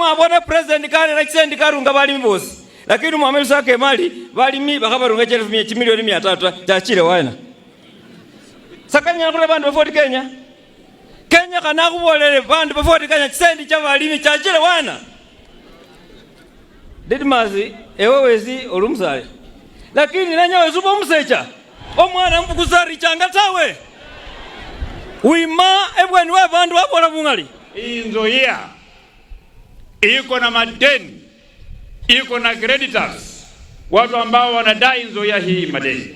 mwabona president kale na chisendi karunga bali mbosi lakini mwameli sake mali bali mi bakabarunga chefu mia milioni mia tatu tachile eh, saka nyana kule bandu bafoti Kenya Kenya kana kubolele bandu bafoti Kenya chisendi cha bali mi chachile wana Didmazi ewe wezi olumsale lakini nanya nanyawe zuba omusecha omwana mpukuzari changa tawe wima ebweni we bandu babola bungali inzoya iko na madeni, iko na creditors, watu ambao wanadai Nzoia hii madeni,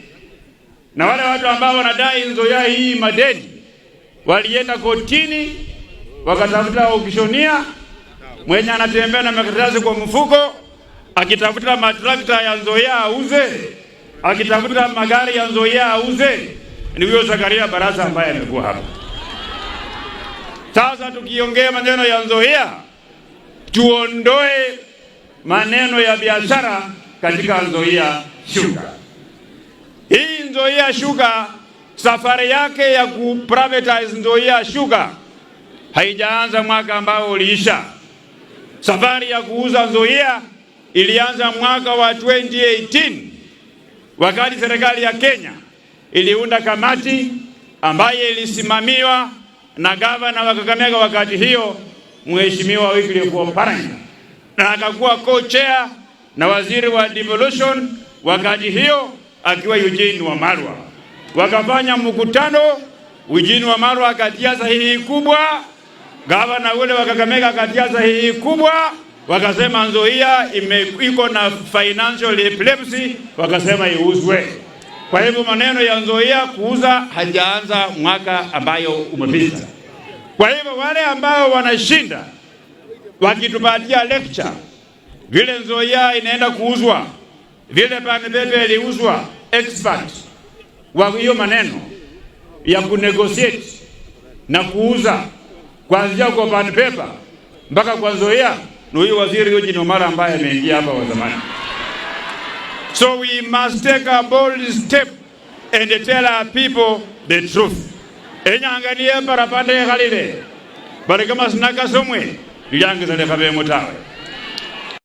na wale watu ambao wanadai Nzoia hii madeni walienda kotini wakatafuta ukishonia mwenye anatembea na makaratasi kwa mfuko, akitafuta matrakta ya Nzoia auze, akitafuta magari ya Nzoia auze. Ni huyo Zakaria Barasa ambaye amekuwa hapa sasa. Tukiongea maneno ya Nzoia tuondoe maneno ya biashara katika Nzoia Sugar. Hii Nzoia Sugar safari yake ya ku privatize Nzoia Sugar haijaanza mwaka ambao uliisha. Safari ya kuuza Nzoia ilianza mwaka wa 2018 wakati serikali ya Kenya iliunda kamati ambaye ilisimamiwa na gavana wa Kakamega wakati hiyo Mheshimiwa Wycliffe Oparanya na akakuwa co-chair na waziri wa devolution wakati hiyo akiwa Eugene Wamalwa. Wakafanya mkutano, Eugene Wamalwa akatia sahihi kubwa, gavana ule wakakameka akatia sahihi kubwa, wakasema Nzoia iko na financial epilepsy, wakasema iuzwe. Kwa hivyo maneno ya Nzoia kuuza hajaanza mwaka ambayo umepita. Kwa hivyo wale ambao wanashinda wakitupatia lecture, vile Nzoia inaenda kuuzwa, vile Panebebe iliuzwa, expert wa hiyo maneno ya kunegotiate na kuuza kuanzia kwa Panpepa mpaka kwa Nzoia ni huyu waziri Eugene Omara ambaye ameingia hapa wa zamani. So we must take a bold step and tell our people the truth enyanganie parapanda ekhalile bali kamasina kasomwe lilyangisa khabemo tawe